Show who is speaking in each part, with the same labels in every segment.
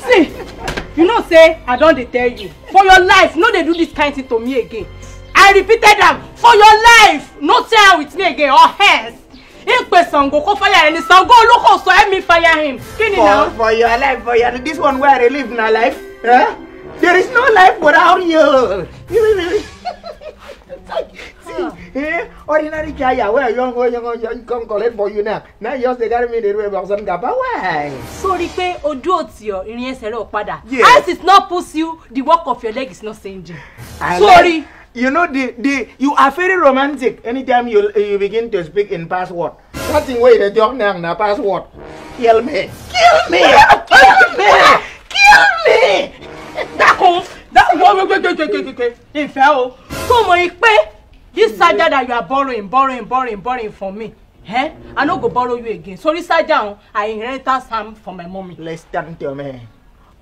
Speaker 1: see you know say i don't tell you for your life no they do this kind thing to me again i repeated them for your life no tell with me again or else If pe go, go fire any go, look also let
Speaker 2: me fire him kini na. for for your life for your this one where i dey live na life Huh? Eh? there is no life without you. see, eh? Ordinary kaya, where you go, you go, you come collect for you now. Now you just carry me the way box on gapa. Why?
Speaker 1: Sórí pé ojú òtì ọ, ìrìn ẹsẹ̀ rẹ̀ ò padà. As it
Speaker 2: not push you,
Speaker 1: the work of your leg is not changing. Sorry.
Speaker 2: you know the the you are very romantic anytime you you begin to speak in password. That thing where you talk now na password. Kill me.
Speaker 3: Kill me. Kill me.
Speaker 2: Kill me. Dákun,
Speaker 1: dákun, wọ́n wọ́n wọ́n wọ́n wọ́n wọ́n ìfẹ́ o. Kó mọ̀ yìí pé this saja that you are borrowing borrowing borrowing borrowing from me eh i no go borrow you again sorry saja o oh, i
Speaker 2: inherit am from my mummy. listen to me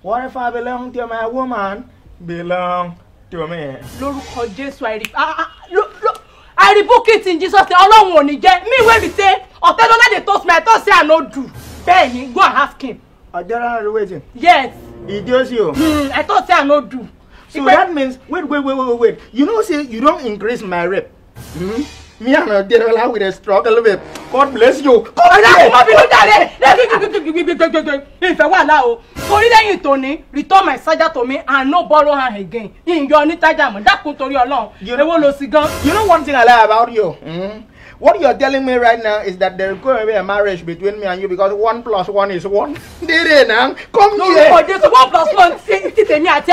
Speaker 2: What if I belong to my woman belong to me. lórúkọ jésù àìrí
Speaker 1: àìríbùkì tí n jesus ní ọlọ́run ò ní jẹ́ mi wey be say ọ̀tẹ́ lọ́lá dey toast me i thought say i no do
Speaker 2: bẹ́ẹ̀ ni go ask him. ọjọ́ rán rí wetin. yes. ìdí ó sì o. Hmm, i thought say i no do so that means wait wait wait wait wait you know say you don't increase my rep hmm? me and Adeola with a struggle babe God bless you. ọ̀rẹ́ àkùnmọ́ bínú jàre
Speaker 1: lẹ́gbẹ̀gbẹ̀gbẹ̀gbẹ̀gbẹ̀ ìfẹ́ wà láà o torí lẹ́yìn tòní return my charger to me and no
Speaker 2: borrow am again ìyọ ní tájà mọ̀ dákun you Ọlọ́run èwo lo sí gan. you know one thing I like about you. Mm -hmm. What you're telling me right now is that there going to be a marriage between me and you because one plus one is one. Did it now? Come no, here. No, this one plus one.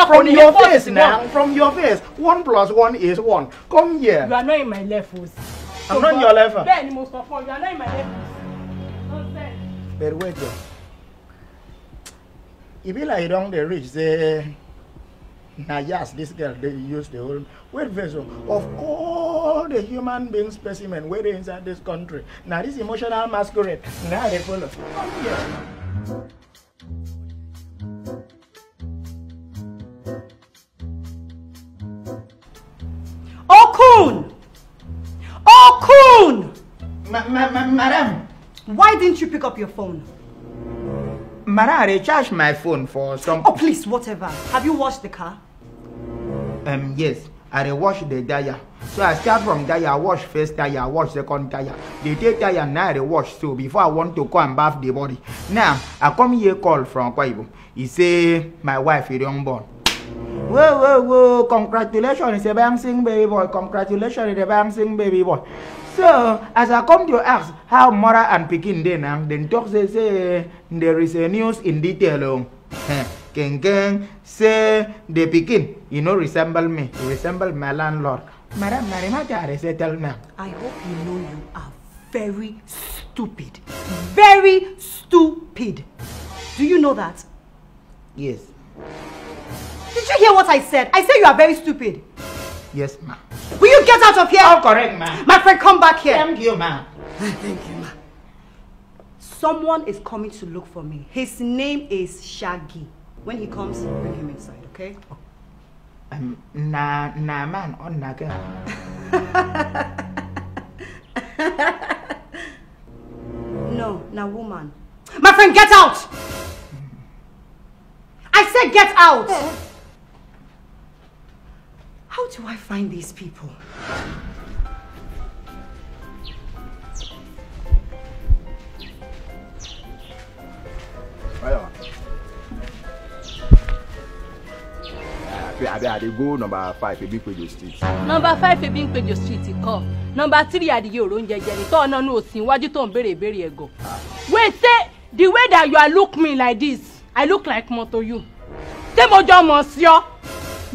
Speaker 2: From your face now. From your face. One plus one is one. Come here. You are not in my level. I'm not in your level. Bẹ́ẹ̀ni
Speaker 1: mo sọ fún you are not in my level. Nonsense.
Speaker 2: But wait there. E be like you don dey reach say. Now, yes, this girl, they use the whole wait vessel of all the human being specimen waiting inside this country. Now, this emotional masquerade, now they follow. Oh, yeah.
Speaker 3: Okun! Okun! Ma ma ma madam! Why didn't you pick up your phone?
Speaker 2: Madam, I recharged my phone for some... Oh, please, whatever. Have you washed the car? um, yes i dey wash the tire so i start from tire wash first tire wash second tire the take tire na i dey wash so before i want to go and baff the body now i come hear call from akwa he say my wife e don born whoa whoa whoa congratulations the bouncing baby boy congratulations the bouncing baby boy so as i come to ask how mother and pikin dey now dem talk they say there is a news in detail oh. Kengkeng, say the Pekin, you know, resemble me, you resemble my landlord. Madam madam, Marimachare, say tell me. I hope you know you are very stupid. Very
Speaker 3: stupid. Do you know that? Yes. Did you hear what I said? I said you are very stupid. Yes, ma'am. Will you get out of here? All correct, ma'am. My friend, come back here. Thank you, ma'am. Thank you, ma'am. Someone is coming to look for me. His name is Shaggy. When he comes, bring him inside, okay? Oh.
Speaker 2: Um, Na. Na man, or oh, na girl.
Speaker 3: no, Na woman. My friend, get out! I said get out! How do I find these people?
Speaker 4: I dey I dey go number five Ebimpejo street. Number
Speaker 1: five Ebimpejo street kọ. Number three Adiye Oronje jẹni tọ́ ọ̀nà ní òsín iwájú tó ń béèrè ìbéèrè ẹ̀gọ́. Wait say the way that you are look me like this I look like moto you. Ṣé mo jọ mọ̀ sí ọ?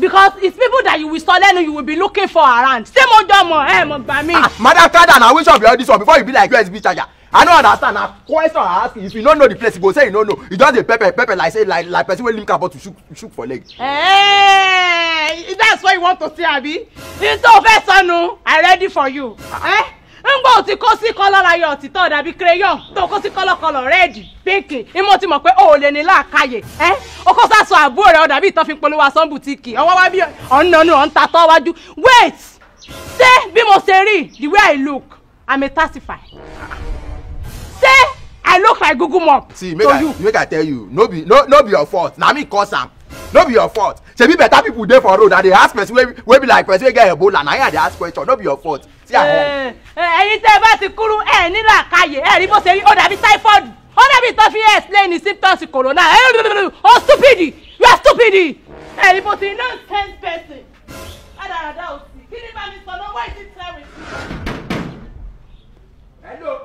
Speaker 1: because it's people that you will saw lẹ́nu you will be looking for around. Ṣé mo jọ mọ̀ ẹ̀ mọ̀ gbà mí? Ah,
Speaker 4: madam Kada na which of your this one before you be like USB charger i no understand na question i ask you if you no know the place you go say you no know you just dey pepper pepper like say like like person wey limp car bottle shook shook for leg.
Speaker 1: Hey, that's why you want to see abi nítorí o fẹ́ sọnù i ready for you. Eh? ngbọ́ ò ti kó sí kọ́lọ́ la yọ òtítọ́ dàbí crayon tó kó sí kọ́lọ́kọ́lọ́ rẹ́ẹ̀dì pínkì ni mo ti mọ̀ pé o ò lè ní làákàyè ẹ́ eh? o kó sàṣọ àbúrò rẹ̀ ọ̀dàbí ìtọ́ fi polówó aṣọ bùtíìkì ọwọ́ wá bí ọ̀nàánú ọ̀ǹta tọ́ wájú wait ṣé bí mo ṣe rí the way i look i'm a taxify
Speaker 4: say i look like Google mom see make i make i tell you no be no no be your fault na me cause am no be your fault shebi better people dey for road and dey ask person wey be like person wey get ebola na him dey ask question no be your fault see i eh,
Speaker 1: home. Eh, ẹyin tẹ bá ti kúrú ẹ nílà káyè ẹ rí bó ṣe rí ó dàbí typhoid ó dàbí tó fi explain symptoms corona ẹ eh, ó stupid you are stupid ẹ rí bó ṣe rí nonsense person adarada òsì kí ni bá mi sọ lọ́wọ́ ìdí tẹ́rì. hello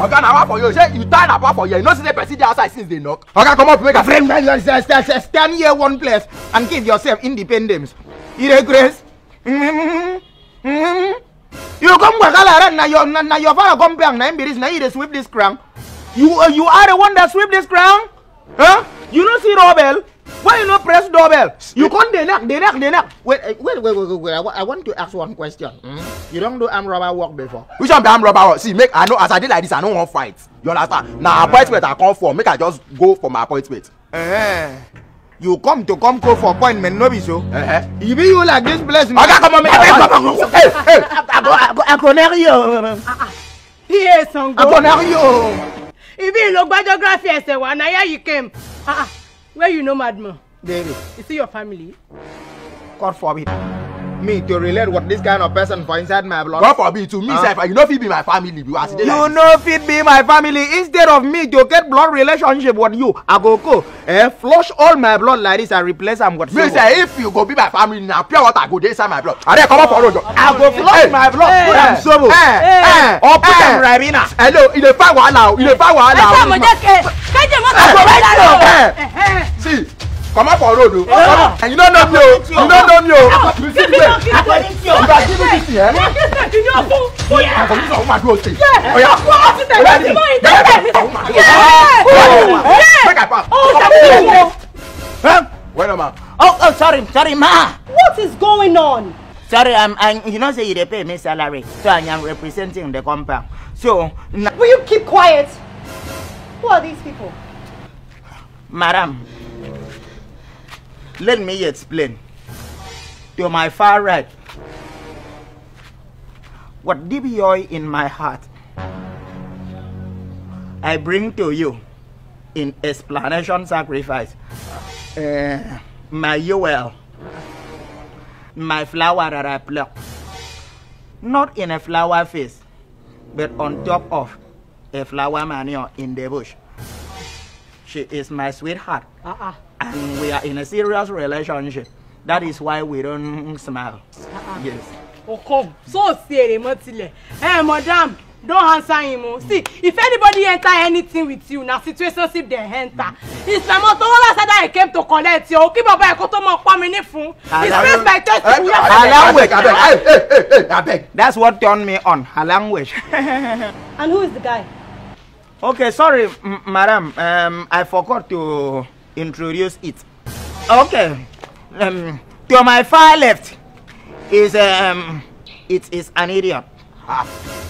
Speaker 4: oga na wa for you say you tie na pa for here you know say the person dey outside since dey knock.
Speaker 2: oga comot make i frame nine nine six six six stand here one place and give yourself independence. ire grace. Mm-hmm. you come waka like that na your na, na your father come bank na him be reason na he dey sweep this ground. you uh, you are the one that sweep this ground. Huh? you no see rebel why you no press doorbell you come dey knock dey knock dey knock wait wait wait wait wait i want to ask one question hmm? you don do arm robber work before
Speaker 4: which one be arm robber work see make i know as i dey like this i no wan fight you understand na hmm. appointment i come for make i just go for my appointment -huh. Eh, you come to come go for appointment no be so -huh. Eh, eh. you
Speaker 2: be you like this place oga come on make i hey hey akonario
Speaker 1: pa sango akonario ibi ìlò gbajọgráfì ẹsẹ wa na here you came. Ah, ah where you know madman. There You see your family?
Speaker 2: God forbid me to relate with this kind of person for inside my blood. God forbid to me uh, you no fit be my family be like. you no fit be my family instead of me to get blood relationship with you
Speaker 4: i go go eh, flush all my blood like this and replace am with silver. me say if you go be my family na pure water go dey inside my blood. are you coming for road. i go flush hey, my blood hey, put am sobo hey, eh, hey, or put am hey, ribena. hello you e dey find wahala o You e dey find wahala o. ẹ sáà mo jẹ́
Speaker 1: kẹ́ kẹ́jẹ́ mọ́tò rẹ̀ dára
Speaker 4: o. see come up on road o oh. you no know me o oh. you no know me o oh. you see the way you ba see me see eh. àkọ́bí sọ̀rọ̀ máa dúró sí i ọ̀yà ọ̀yà ni bẹ́ẹ̀ ni sọ̀rọ̀ máa dúró sí i ọ̀yà wẹ́n na ma. oh oh sorry sorry ma.
Speaker 2: what is going on. sorry um, I, you know say you dey pay me salary so i am representing the compound so. Na will you keep quiet.
Speaker 3: who are these people.
Speaker 2: madam Let me explain. To my far right, what deep joy in my heart I bring to you in explanation sacrifice uh, my UL, my flower that I pluck, not in a flower face, but on top of a flower manure in the bush. She is my sweetheart.
Speaker 3: Uh -uh. and we
Speaker 2: are in a serious relationship. That is why we don't smile. Uh-uh. Yes.
Speaker 1: Oko, so serious, Motile. Hey, eh, madam, don't answer him. Mm. See, if anybody enter anything with you, na situationship they enter. Mm. It's my mother. All I said that I came to collect you. Okay, Baba, I come to my family phone. It's just my
Speaker 3: test. Language, I beg, I
Speaker 2: beg, I beg. That's what turned me on. Her language.
Speaker 3: and who is the guy?
Speaker 2: Okay, sorry, madam. Um, I forgot to introduce it. Okay, um, to my far left is um, it is an idiot. Ah.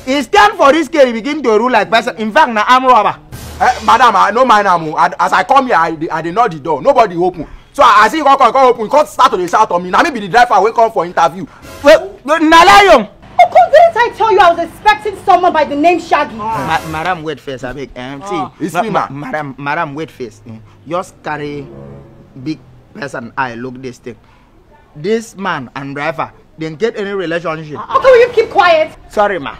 Speaker 2: It's time
Speaker 4: for this girl to e begin to rule like person. In fact, na arm robber. Eh, madam, I ah, no mind am. Oh. As I come here, I, I did not the door. Nobody open. So as he come come come open, he come start to the shout on me. Now me be the driver wey come for interview. Well, na lion. Oh, didn't I tell you I was expecting someone
Speaker 3: by the name Shaggy? Ah.
Speaker 2: Ma madam, wait first, abeg. Um, ah. see, it's ma me, ma madam, madam, wait first. Mm just carry big person eye look this thing this man and driver didn't get any relationship. Uh,
Speaker 3: okay, will you keep quiet?
Speaker 2: sorry ma.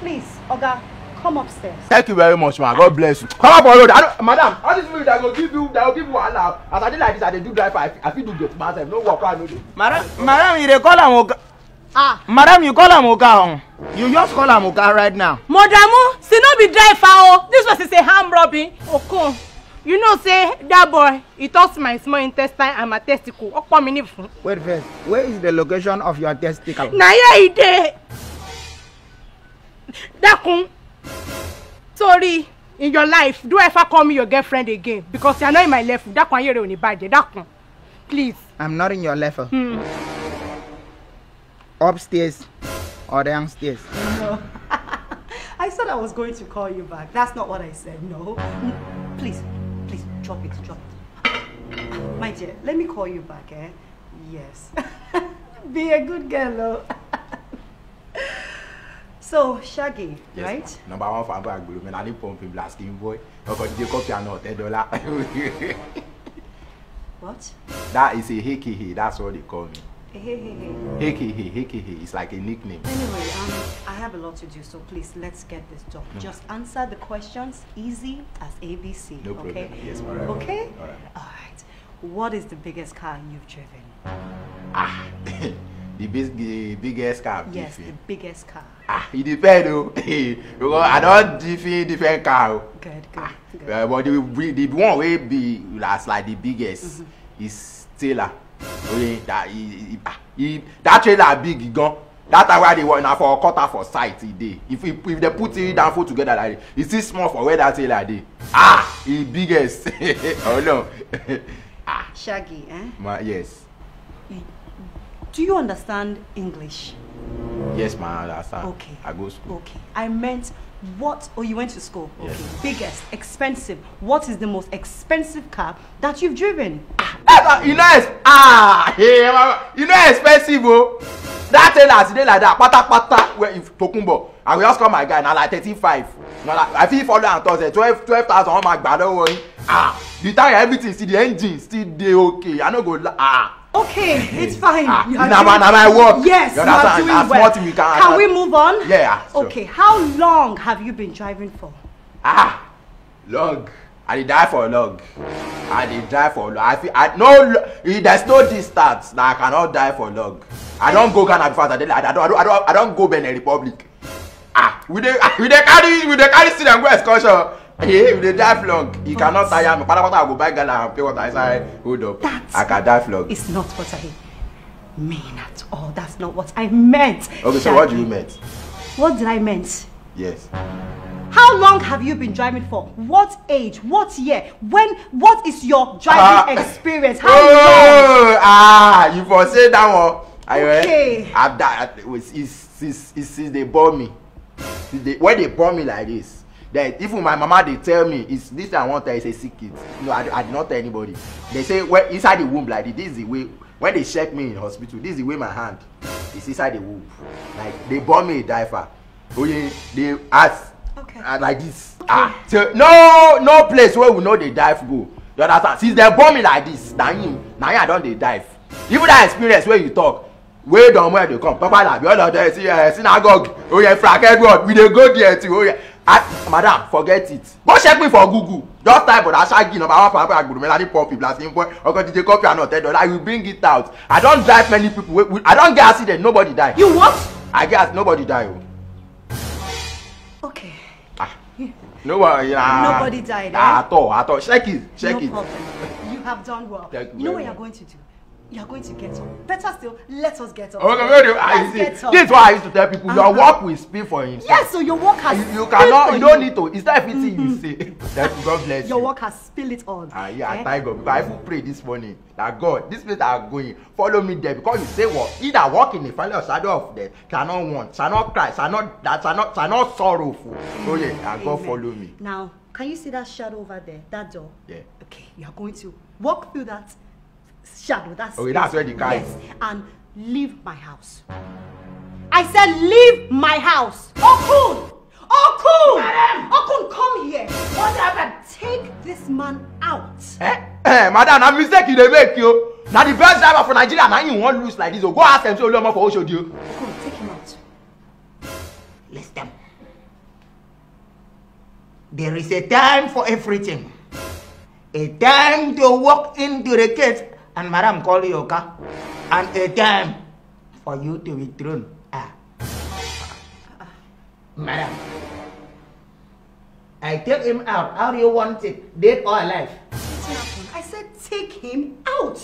Speaker 4: please oga come upstairs. thank you very much ma god bless you. come up on road madam all this people that will give you that will give you wahala as i did like this i did do driver i fit i fit do gate myself no work i no dey. madam
Speaker 2: madam you call am oga. ah. madam you call am oga you just call am oga right now.
Speaker 1: modamu si no be driver o oh. this person say hand rubbing okun you know say that boy he touch my small intestine and my testicle ọ̀pọ̀ mi ní fún. wait first
Speaker 2: where is the location of your testicle. na
Speaker 1: here e dey Dakun. sorry in your life do ever call me your girlfriend again because you are not in my level Dakun, ayé rẹ ò ní bàjẹ́ please.
Speaker 2: i'm not in your level. Hmm. upstairs or downstairs.
Speaker 3: No. I said I was going to call you back. That's not what I said. No. Please, drop it, drop it. My dear, let me call you back, eh? Yes. Be a good girl, oh. so, Shaggy,
Speaker 4: yes, right? Number one for Abba Agbolo, man, I need pumping blasting boy. I got the coffee and eh, dollars
Speaker 3: What?
Speaker 4: That is a hickey. that's what they call me. Hickey, hickey, hickey. it's like a nickname. Anyway,
Speaker 3: um, have a lot to do, so please let's get this done. Mm. Just answer the questions easy as ABC. No okay? problem. Yes, all right. Okay? All right. All right. What is the biggest car you've driven?
Speaker 4: Ah, the, big, the biggest car. Yes, the biggest car. Ah, it depends, though. Oh. because I don't mm. different different car. Oh. Good, good. Ah, good. Uh, but the, the one way be last like the biggest mm -hmm. is Taylor. Okay, that, it, ah, it, that trailer big, gone that time wey i dey work na for quarter for site e dey if if, if dem put three danfo together like this e still small for where that tailor dey ah e biggest ọlọ
Speaker 3: ah. shaggy eh.
Speaker 4: ma yes.
Speaker 3: do you understand english.
Speaker 4: yes ma i understand. okay i go school. okay
Speaker 3: i meant what oh you went to school. okay yes. biggest expensive what is the most
Speaker 4: expensive car that you've driven. ah you no know, ah hey, you no know, expensive o. Oh that thing as e dey like that patapata well if Tokunbo i will just call my guy na like thirty-five na like i fit follow am talk say eh, twelve twelve thousand one ma gba don worry ah the tire everything still the engine still dey okay i no go ah. Okay, it's fine. Ah, now, doing... now I work. Yes, you You are doing well. We can, can we move on? Yeah.
Speaker 3: Sure. Okay, how long have you been driving for?
Speaker 4: Ah, long i dey die for log i dey die for log i feel. i no there's no distance that i cannot die for log i don't go ghana before as i dey i don't. i don't i don i don go benin republic ah we dey ah, we dey carry we dey carry and go excursion eh with the die flog You cannot tire me patapata i go buy Ghana and pay water inside hold up i can die flog. it's not what i
Speaker 3: mean at all that's not what i meant. okay so what do you meant. what did i meant. yes. How long have you been driving for? What age? What year? When? What is your driving uh, experience? How oh, long?
Speaker 4: Ah, you for say that one. Eh? Okay. I've ah, that, it's, it's, it's, it's, since they born me. they, when they born me like this, that even my mama they tell me it's this i wan tell you say sick kid no i, I did not tell anybody they say well inside the womb like this this is the way when they check me in hospital this is the way my hand is inside the womb like they born me a diaper oye they ask uh, like this ah so no no place where we know dey dive go you understand since they bomb me like this na him na him i don dive even that experience wey you talk wey down where they come papa labi all of them see a eh, synagogue Oh, oye frank what we dey go there too oye oh ah madam forget it go check me for google just type but I on asagi number one papa agbodomela ni poor people last name boy ọkọ dj copy and not ten i will bring it out i don't drive many people i don't get accident nobody die. you what. i get nobody die Oh. No worry. Nobody died. Eh? At all, at all. Check it, check no it. Problem.
Speaker 3: You have done well. Thank you you know what you're going to do? You are going to get up. Better still, let us get up. Okay, oh, wait, wait, ah, I see. This is why I used to tell
Speaker 4: people, your uh -huh. work will speak for himself.
Speaker 3: Yes, so your work
Speaker 4: has You, you cannot, you don't need to. Is that everything mm -hmm. you mm-hmm. say? That God bless your you. Your work has spilled it all. Ah, yeah, eh? thank God. I will pray this morning that God, this place I'm going, follow me there. Because you say what? Either walk in the valley of shadow of death cannot want, Cannot cry, Cannot that cannot cannot sorrowful. So oh, yeah, and Amen. God follow me.
Speaker 3: Now, can you see that shadow over there? That door? Yeah. Okay, you are going to walk through that shadow. That's okay. That's where the car yes. is. And leave my house. I said leave my house. Okun, Okun, madam, Okun, come here. What happened? Take this man out.
Speaker 4: Eh, eh, madam, na mistake you They make you. Now the best driver for Nigeria na him wan lose like this o. Oh, go ask MC Oluomo for should o. Okun,
Speaker 2: take him out. List them. There is a time for everything. A time to walk into the gate and madam call your car and a time for you to withdraw. Ah. Madam, I take him out. How do you want it? Dead or alive?
Speaker 3: I said take him out.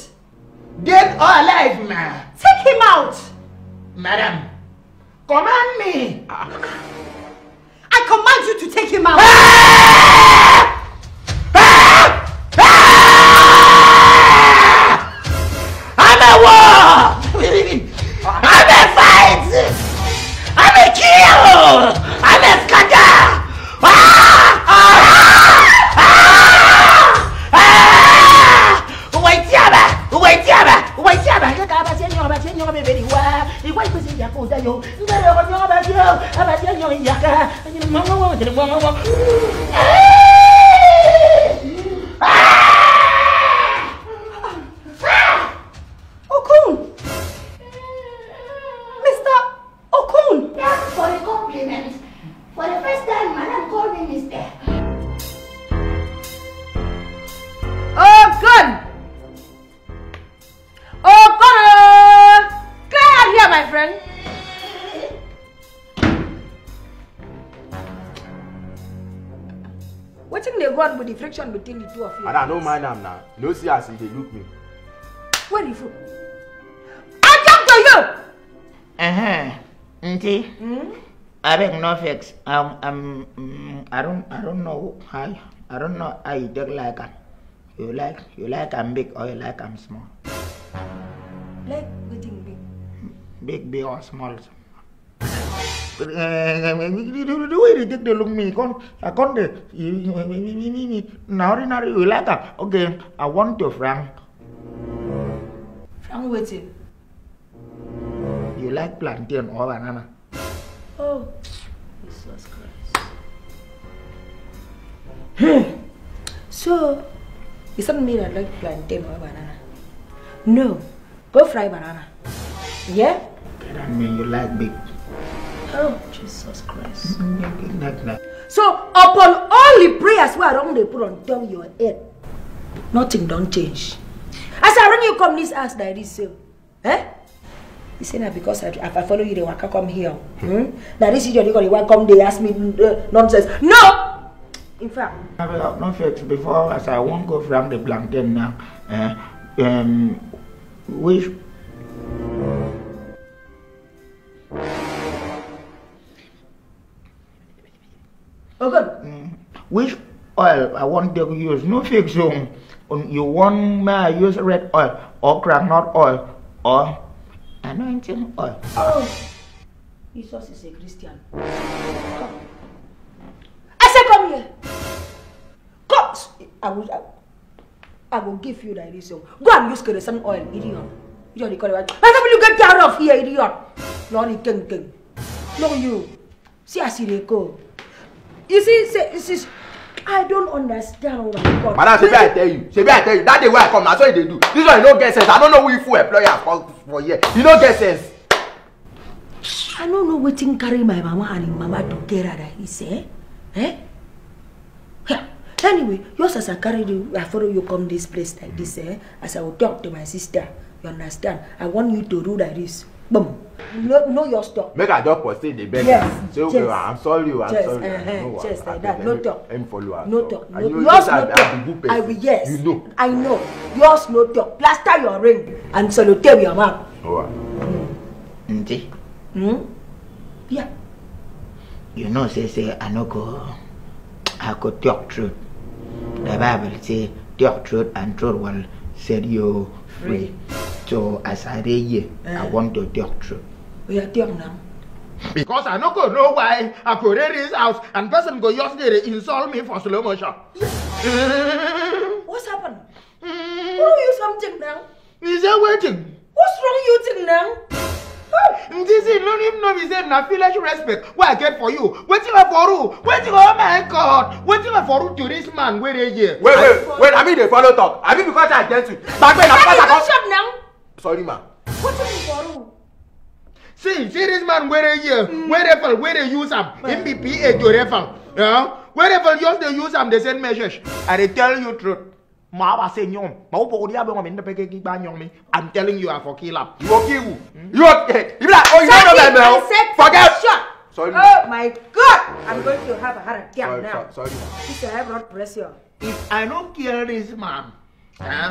Speaker 2: Dead or alive, ma? Take him out! Madam, command me!
Speaker 3: I command you to take him out! Ah!
Speaker 5: connection between the two of you. and i don't mind
Speaker 4: am now. No see as he look me.
Speaker 2: where you from. i talk to you. Uh -huh. nti hmm? mm?
Speaker 4: abeg no fix. um,
Speaker 2: um, um, i don't i don't know how i don't know how you take like am you like you like I'm big or you like I'm small.
Speaker 5: like wetin big.
Speaker 2: big big or small. đi duit itu dalam mi kon kon de nari nari ulata ok I want your frank
Speaker 5: frank waiting
Speaker 2: you like plantain or banana
Speaker 5: oh Jesus Christ hey so you said me that like plantain or banana no go fry banana
Speaker 2: yeah that mean you like big
Speaker 5: Oh, Jesus Christ.
Speaker 2: Mm-hmm.
Speaker 5: So, upon all the prayers wey I don dey put on top your head, nothing don't change. As I run you come this house that is so, eh? He say now because I, I follow you dey waka come here. Hmm? Na hmm? this idiot dey go dey come they ask me uh, nonsense. No! In fact,
Speaker 2: No, yet. Before, as I won't go from the blanket now, uh, um, which which oil I want to use. No fix zone. Um, you want me to use red oil or groundnut oil or anointing oil.
Speaker 5: Oh, Jesus is a Christian.
Speaker 2: Come.
Speaker 5: I say come here. Come. I will, I, I will give you the reason. Go and use kerosene oil, idiot. Idiot, you call it. Why don't you get out of here, idiot? Lonnie King King. No, you. See, I see they go. You see, see, see I don't understand oh my God. Madam, say, I
Speaker 4: tell you, shebi I tell you, that day wey I come that's so they do. This one you no get sense. I don't know who you fool employer for for here. You no get sense.
Speaker 5: I no know wetin carry my mama and im mama together like dis eh? Eh? Yeah. Anyway, just as I carry you, I follow you come this place like this. eh? As I will talk to my sister, you understand? I want you to do like This boom. no, know your stop.
Speaker 4: Make I just proceed the best. Yes, say, okay, yes. I'm sorry, oh, I'm yes, sorry. Uh -huh, no, yes, like that. No talk. I'm follow her.
Speaker 5: No talk. No, yours no talk. I will, yes. You know. I know. Yours no talk. Plaster your ring and salute your mouth.
Speaker 4: Oh,
Speaker 2: mm. Nti.
Speaker 5: Hmm. Yeah.
Speaker 2: You know, say, say, I no go. I go talk truth. The Bible say, talk truth and truth will set you free. So mm. as I dey eh. here, I want the talk We oh, are talk now. Because I no go know why I go dey this house and person go yesterday insult me for slow motion. What's
Speaker 5: happened? Mm. Who you something now?
Speaker 2: Is there waiting? What's wrong you think now? ntisi learning no be say na village respect wey i get for you wetin i for you wetin oh my god wetin i for you to this man wey dey here. wait wait wait abi you dey follow talk abi because i get you gbagbe na because i sorry ma. wetin you for you. see see this man wey dey here wey dey fall wey dey use am him be pa jore fall. wherever just dey use am dey send message i dey tell you truth ma wa se nyom ma wo bodi abe won me nde gba nyom me i'm telling you i for kill up you okay wu hmm?
Speaker 4: you okay eh, you be like oh you know that now forget shut sorry
Speaker 2: oh my god i'm going to have a heart
Speaker 4: attack now sorry
Speaker 2: this is high blood pressure if i no kill this man eh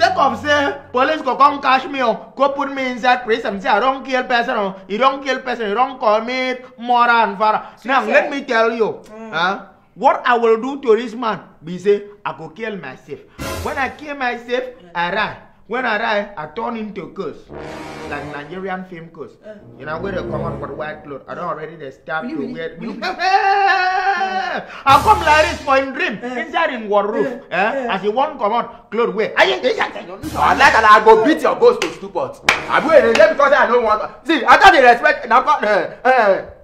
Speaker 2: sake of say police go come catch me oh go put me inside prison say i don kill person oh you don kill person you don commit murder and fara now let me tell you mm. eh what i will do to this man be say i go kill myself when i kill myself i die when i die i turn into a curse like nigerian film curse uh. you know where they come out for white clothes? i don't already dey start to wear blue i come like this for him dream uh. inside him wardrobe uh. eh
Speaker 4: as he come on, clothes wear i like that. i go beat your ghost to stupid abi wey it dey because i don't want see i got the respect na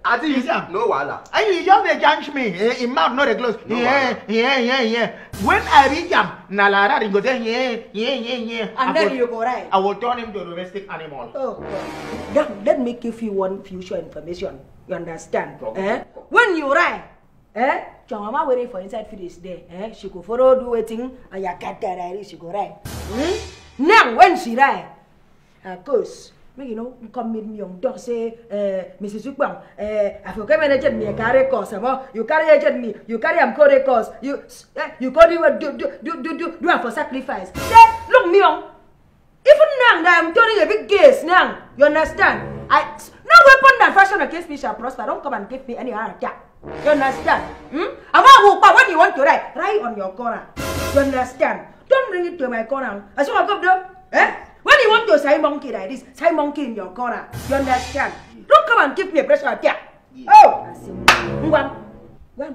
Speaker 4: ati you no wahala.
Speaker 2: ayi you just dey jange me eh im mouth no dey close. no wahala yeah yeah yeah when i reach am na like that he go say yeah yeah yeah yeah. and then you go right. i will turn him to domestic animal. oh
Speaker 5: god let me give you one future information you understand. Eh? when you right. Eh? your mama waiting for inside feed is there eh? she go follow do wetin ayakata rairi eh, she go right. Hmm? now when she right her course make you no come meet me on Thursday, uh, eh, mrs ukpam uh, eh, i for get me a carry course, omo you carry agent me you carry am carry course, you uh, you go do do do do do do for sacrifice say look me on oh, even now that i'm turning a big case now you understand i no weapon that fashion against me shall prosper Don't come and give me any hard attack you understand hmm? àwọn àwọn òpá when you want to write write on your corner you understand Don't bring it to my corner as you wan go do eh. When you want your side monkey like this, side monkey in your corner. You understand? Don't come and give me a pressure there. Yeah. Oh!
Speaker 4: Ngwan. Ngwan.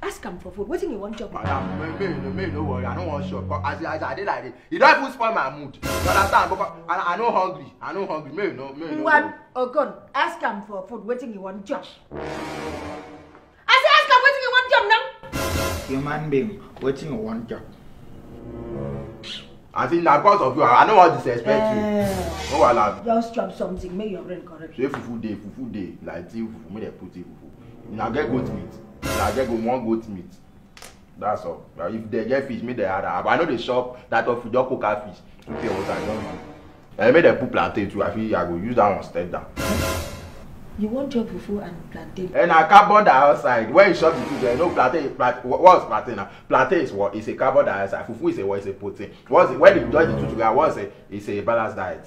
Speaker 4: Ask him for food. Wetin you want chop? Madam, me, me, me, no worry. I don't want chop. As, as I did like this, you don't even spoil my mood. You understand? Because I, I no hungry. I'm not hungry. Me, no, me, no. oh God. ask him for food. Wetin you want chop? I
Speaker 5: say ask him wetin you want chop
Speaker 4: now. Human being, wetin you want chop? aunty na because of you i no wan disrespect you eh. no wahala.
Speaker 5: just chop something make your brain
Speaker 4: correct. say fufu dey fufu dey like tea fufu make dem put tea fufu una get goat meat una get go one goat meat that's all but if dem get fish make dem add am i no dey chop that of just cook her fish to pay water i don do eh, make dem put plantain too i fit i go use that one step down
Speaker 5: you want job before and
Speaker 4: plantain. And na carbon dioxide Where you chop the food you know plantain plant, what's plantain na plantain is what It's a carbon dioxide fufu is a what It's a protein what's a when you join the two together what's it? It's a balanced diet.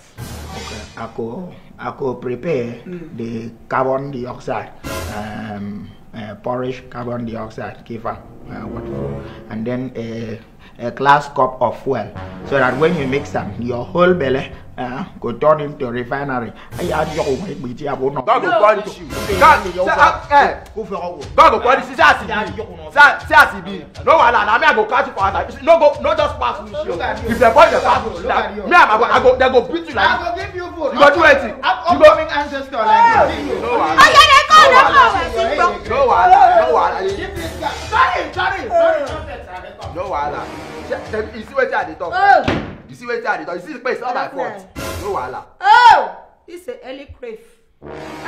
Speaker 2: okay i go i go prepare mm. the carbon dioxide. Um, uh, porridge carbon dioxide give her uh, water and then a, a glass cup of fuel so that when you mix them your whole belly kò eh, turn into refinery ayé adúlọ̀ òun ìgbè tí a bò nà. God go punish you God ẹ eh, eh.
Speaker 4: God go punish you say as e be say as e be no wahala na me I go catch you for outside no go no just pass me if dem point dem pass me me and I go dem go beat you like I
Speaker 2: go give you food you go do wetin you go ancestor like this no wahala ọ̀gẹ̀dẹ̀ kọ́ ọ̀dọ́ kọ́ ọ̀wẹ̀ sí gbọ́. no wahala no wahala sorry sorry sorry
Speaker 4: no wahala you see wetin I dey talk. Oh you see wetin i dey you see the place not my fault no wala.
Speaker 5: oh this a early crave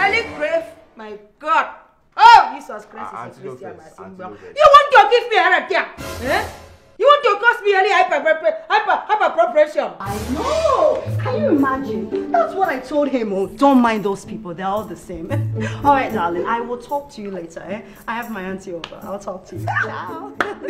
Speaker 5: early crave my god oh jesus christ
Speaker 2: is a christian
Speaker 5: you want to give me headache there eh? you want? going to cause me early hyper, hyperpreparation. I
Speaker 3: know. Can you imagine? That's what I told him. Oh, don't mind those people. They're all the same. all right, darling. I will talk to you later. Eh? I have my auntie over. I'll talk to you.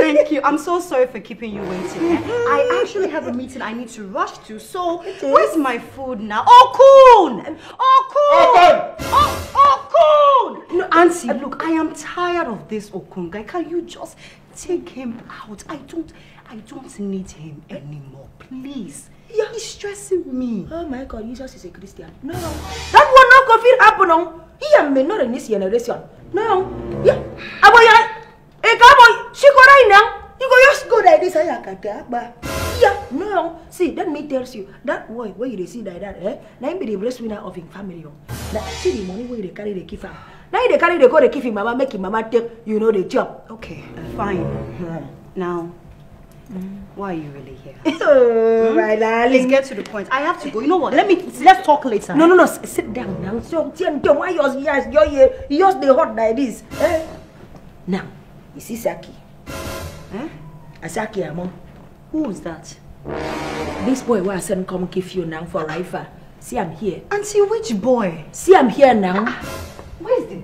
Speaker 3: Thank you. I'm so sorry for keeping you waiting. Eh? I actually have a meeting I need to rush to. So where's my food now? Oh, coon! Oh, coon! Oh, coon! Oh, oh, coon! No, auntie. see. Look, I am tired of this Okunga. Can you just take him out? I
Speaker 5: don't, I don't need him anymore. Please. Yeah. He's stressing me. Oh my God, Jesus is a Christian. No. That will not go fit happen on. He am me not in this generation. No. Yeah. Abo ya. E ka boy, she go right now. You go just go like this I can Yeah. No. See, let me tell you that boy where you see like that, eh? now he be the breast of his family. That oh. see the money where they carry the key from. now they carry dey go they give him mama make him mama take you know the job. okay fine now why are you really here. oh hmm? my darling. let's get to the point i have to go you know what let me let's talk later. no no no sit down now so tiẹn dem why yours yours your ear yours the hot like this. Eh? now you see saki. Eh? asaki ah, amo. who is that. this boy wey send come give you now for rifa see i am here. And see which boy. see i am here now. Ah.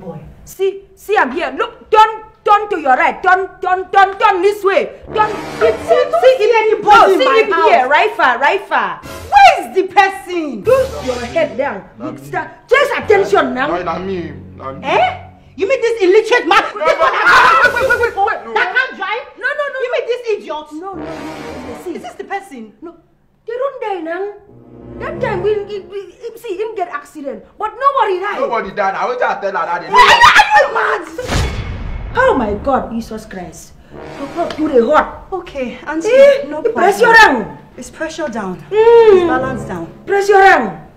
Speaker 5: boy. See, see, I'm here. Look, turn, turn to your right. Turn, turn, turn, turn this way. Turn. see, see, see, see anybody in my house. here, right far, right far. Where is the person? Put your head down. Look, start. Just attention now. Right, not me? I mean. Eh?
Speaker 3: You mean this illiterate man? No, this one has wait, wait, wait, wait, wait. No. That can't drive? No, no, no. You mean this
Speaker 4: idiot? No, no, no. no, no. See. Is this the person? No. They don't die now. That time we he, him see him get accident, but nobody died. Nobody died. I was just tell her that. Are you mad?
Speaker 5: Oh my God, Jesus Christ! You the Okay, auntie. Eh? No problem. Press your down. It's pressure down. Mm. It's balance down. Press your down.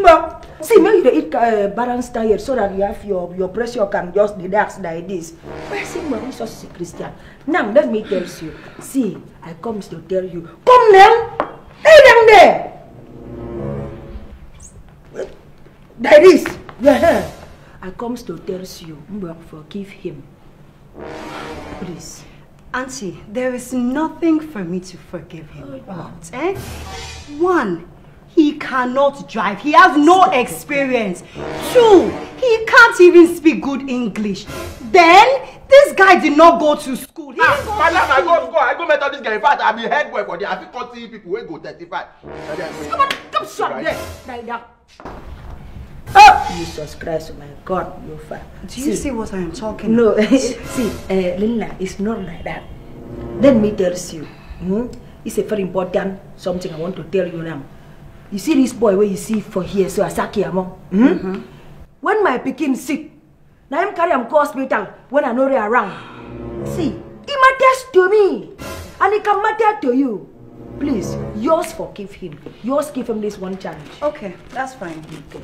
Speaker 5: But see, maybe you eat uh, balanced diet so that you have your your pressure can just relax like this. But see, my Jesus is Christian. Now let me tell you. See, I come to tell you. Come now. Hey them there. There is. Yeah. I comes to tell you, Mbok, forgive him. Please. Auntie, there is
Speaker 3: nothing for me to forgive him oh, about. Eh? One, he cannot drive. He has no experience. Two, he can't even speak good English. Then, this guy did not go to school.
Speaker 4: He ah, go madam, to school. I go school. I go meet all this guy. In fact, I be head boy for there. I fit come people wey go testify. Come on, come shut
Speaker 5: there. Like that. Oh, Jesus Christ, oh my God, you far. Do you see, see what I am talking no, about? No, see, uh, eh, Lina, it's not like that. Let me tell you, hmm? it's a very important something I want to tell you now. You see this boy where you see for here, so Asaki Amo. Hmm? Mm -hmm. When my pekin sick, now I'm carry him go hospital when I know they around. See, it matters to me, and it can matter to you. Please, yours forgive him. Yours give him this one challenge. Okay, that's fine. Okay.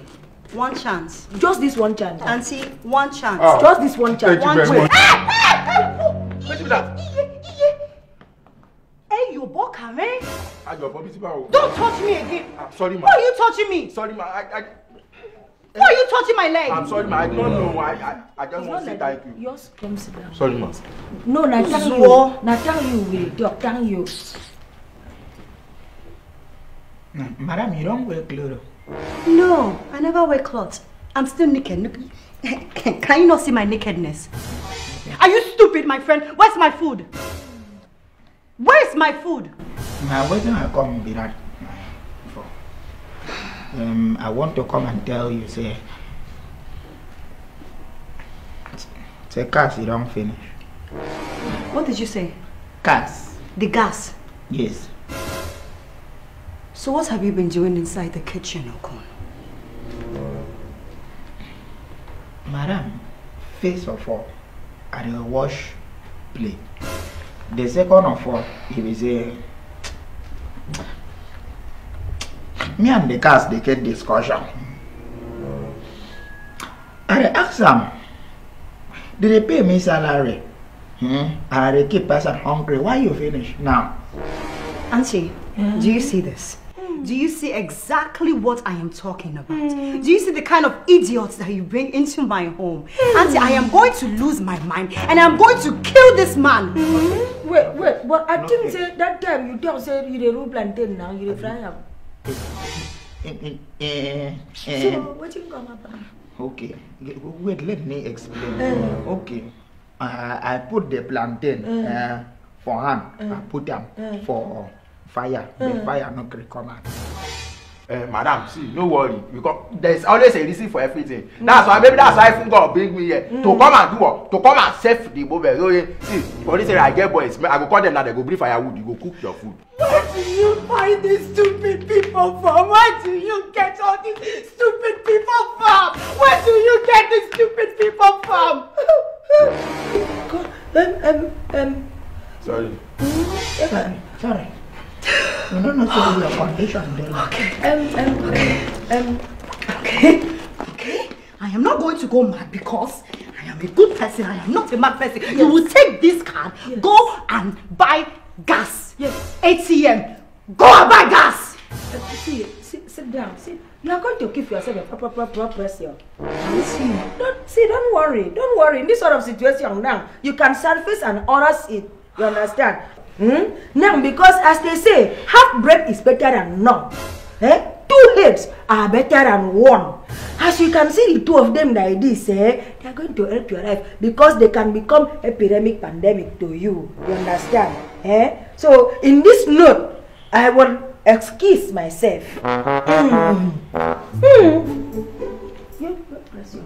Speaker 5: One chance. Just this one chance. Auntie, one chance.
Speaker 3: Ah, Just this one chance. Thank one you very
Speaker 5: chance. much. Wait a minute.
Speaker 4: Hey, ah, you bọ́ kàmẹ́. Àjọ̀bọ̀ bí ti bá wò. Don't touch me again. I'm ah, sorry ma. Why are you touching me? Sorry ma. I, I... Why are you touching my leg? I'm sorry ma. I don't know why. I, I just want to say thank you. Yours come sit down.
Speaker 5: Sorry
Speaker 2: ma.
Speaker 4: No, na tell you.
Speaker 5: Na tell you will do. Thank you.
Speaker 2: Madam, you don't wear clothes.
Speaker 3: No, I never wear clothes. I'm still naked. Can you not see my nakedness? Are you stupid, my friend? Where's my food? Where's my food?
Speaker 2: My wedding, I come, Birat? Um, I want to come and tell you, say, say, Cass, you don't finish.
Speaker 3: What did you say? Cars. The gas? Yes. So what have you been doing inside the
Speaker 2: kitchen, Okon? Madam, first of all, I will wash plate. The second of all, it is a... Me and the cats, they get discussion. I ask them, did they pay me salary? Hmm? I keep person hungry. Why you finish now?
Speaker 3: Auntie, yeah. do you see this? Do you see exactly what I am talking about? Mm. Do you see the kind of idiots that you bring into my home? Mm. Auntie, I am going to lose my mind and I'm going
Speaker 5: to kill this man. Mm. Wait, wait, but I think say, that time you don't say you're a room plantain now, you're a fry up.
Speaker 2: Eh, eh, eh, so,
Speaker 5: what you come about?
Speaker 2: Okay, wait, let me explain. Uh. Okay, uh, I put the plantain uh, for him, I
Speaker 4: put them for fire the mm. fire no gree come out. Uh, madam see no worry because there is always a reason for everything mm. that's why maybe that's why fungo bring me here mm. to come and do what to come and save the moment so oh, yeah, see for this area i get boys i go call them now they go bring firewood you go cook your food.
Speaker 2: where do you find these stupid people from where do you
Speaker 3: get all these stupid people from where do you get these stupid people
Speaker 5: from. God, um, um, um. sorry. Hmm? sorry.
Speaker 4: No, no, no, so we are foundation then. Okay.
Speaker 5: Um, um,
Speaker 3: um, okay. Okay. I am not going to go mad because I am a good person. I am not a mad person. Yes. You will take this card, yes. go and buy
Speaker 5: gas. Yes. ATM.
Speaker 3: Go and buy gas.
Speaker 5: Uh, see, sit, sit down. See. You are going to give yourself a proper, proper proper pressure. See, don't see. Don't worry. Don't worry. In this sort of situation now, you can surface and honor it. You understand? Hmm? Now, because as they say, half bread is better than none. Eh? Two heads are better than one. As you can see, the two of them like this, eh, they are going to help your life because they can become epidemic pandemic to you. You understand? Eh? So, in this note, I will excuse myself.
Speaker 3: Mm.
Speaker 5: Mm. Yeah, bless you.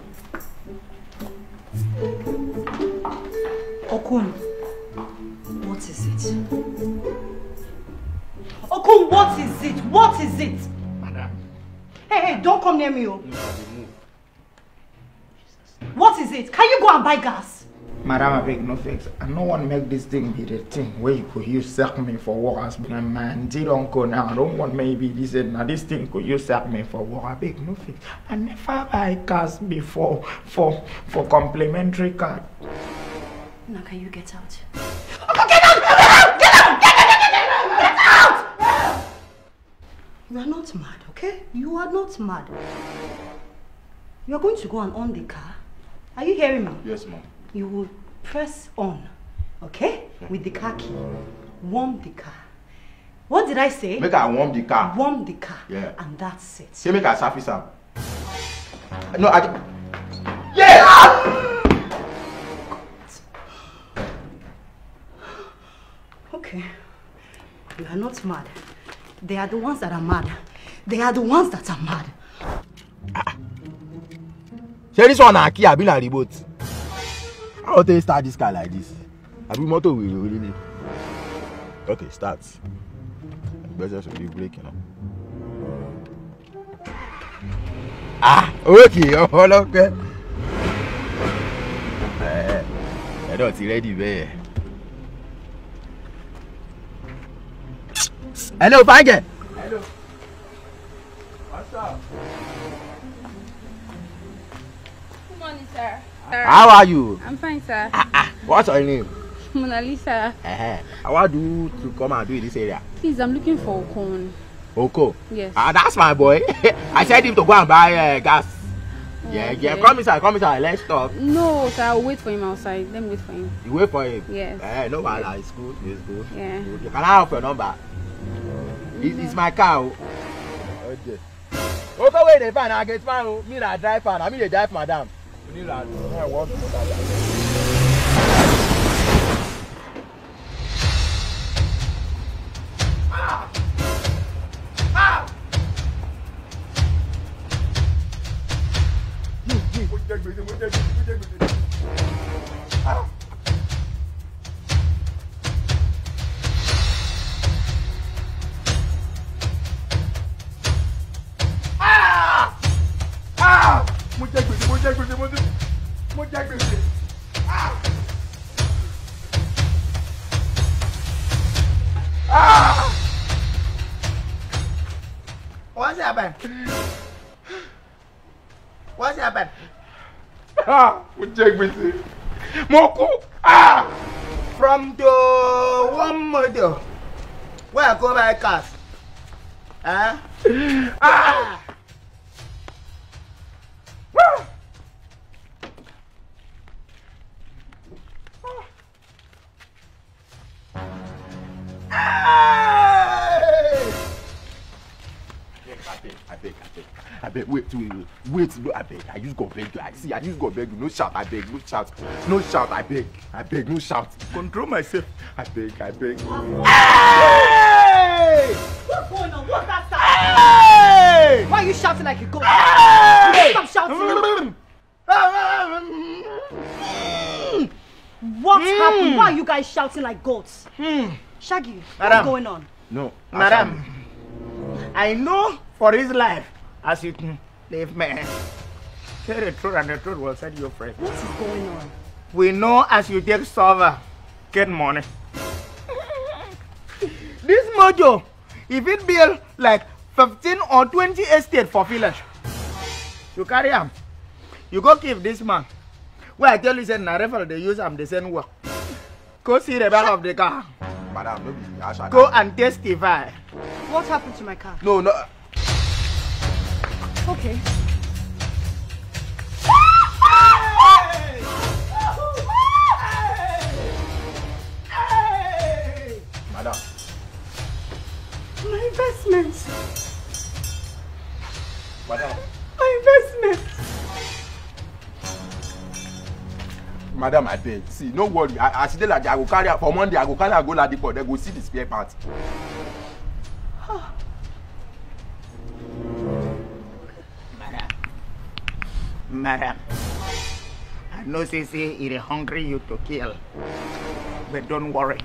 Speaker 3: Okun. Okun, what is it? What is it? Madam. Hey, hey, don't come near me. Oh. What is it? Can you go and buy gas?
Speaker 2: Madam, I beg no fix. I don't want make this thing be the thing where you could use sack me for work as my man. They uncle now. I don't want maybe this now this thing could use sack me for work. I beg no fix. I never buy gas before for for complimentary card.
Speaker 3: Now can you get out? Okay, get out! Get out! Get out! Get out! Get out! Get out! You are not mad, okay? You are not mad. You are going to go and on the car. Are you hearing me? Yes, ma'am. You will press on, okay? With the car key. Warm the car. What did I say? Make a
Speaker 4: warm the car. Warm the car. Yeah. And that's it. Say make a surface up. No, I...
Speaker 3: are not mad. They are the ones that are mad. They are the ones that are
Speaker 4: mad. Ṣé this one I've been a boat? How they start this car like this? Àbí mọ́tò wèrè orí ni? Okay, start. Gbẹ́sẹ̀ sórí bírèkì náà. Ah, okay, ọmọ I don't see ready, man. Hello, Fagge.
Speaker 3: Hello.
Speaker 1: What's up? Good morning, sir. sir. How are you? I'm fine, sir. Ah, ah.
Speaker 4: What's your name?
Speaker 1: Mona Lisa.
Speaker 4: Uh-huh. How do you to come and do in this area?
Speaker 1: Please, I'm looking for Okon. Oko? Yes. Ah, that's
Speaker 4: my boy. I sent him to go and buy uh, gas.
Speaker 5: yeah, okay. yeah. Come
Speaker 4: inside, come inside. Let's talk. No,
Speaker 5: sir. I'll wait for him outside. Let me wait for him.
Speaker 4: You wait for him? Yes. Eh, no, yes. it's good. It's good. Yeah. Good. Can I have your number? It's, it's my car. Oh. Okay. Over where they find I get man. Oh. Me na drive fan. I mean they drive madam. Ah! Ah! I want to go that. Ah! ah! ah! mo jẹ gbèsè mo jẹ gbèsè mo jẹ mo jẹ gbèsè.
Speaker 2: What's happened? What's happened? mo jẹ gbèsè mo kú. from the one model where i go buy cars. Eh? Ah!
Speaker 4: abeg wait wait wait no abeg i just go beg you i see i just go beg you no shout abeg no shout no shout abeg abeg no shout control myself abeg abeg. Hey!
Speaker 3: what's going on what's that sound. Hey! why are you shouting like a goat. Hey! stop shouting. what mm. happened why are you guys shouting like goats. Mm. shaggy
Speaker 2: madam. what's going on. no madam i know for his life As you can leave me. Tell the truth and the truth will set you free. What is going on? We know as you take server, get money. this mojo, if it build like 15 or 20 estate for village, you carry him. You go give this man. Well, I tell you, say, na referral they use him the same work. Go see the back of the car.
Speaker 4: Madam, no be Go
Speaker 2: and testify.
Speaker 3: What happened to my car?
Speaker 2: No, no. Okay.
Speaker 4: Madam. My investment. Madam. My investment. Madam, I beg. See, no worry. I, I today like I go carry for Monday. I go carry I go Ladipo. They go see the spare part. Ah.
Speaker 2: Madam, I know they say it hungry you to kill. But don't worry.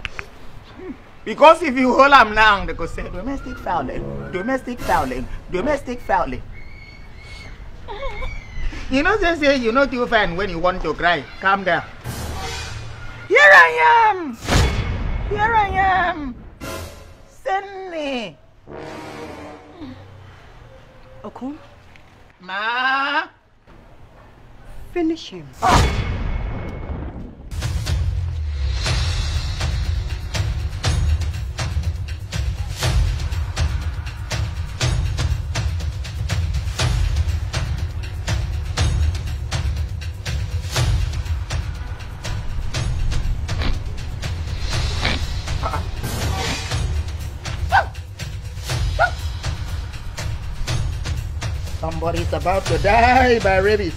Speaker 2: Because if you hold him now, they could say domestic fouling, domestic fouling, domestic fouling. You know they say you know too fine when you want to cry. Calm down. Here I am! Here I am! Send me! Okun?
Speaker 3: Ma! Finish him. Ah!
Speaker 2: Somebody's about to die by rabies.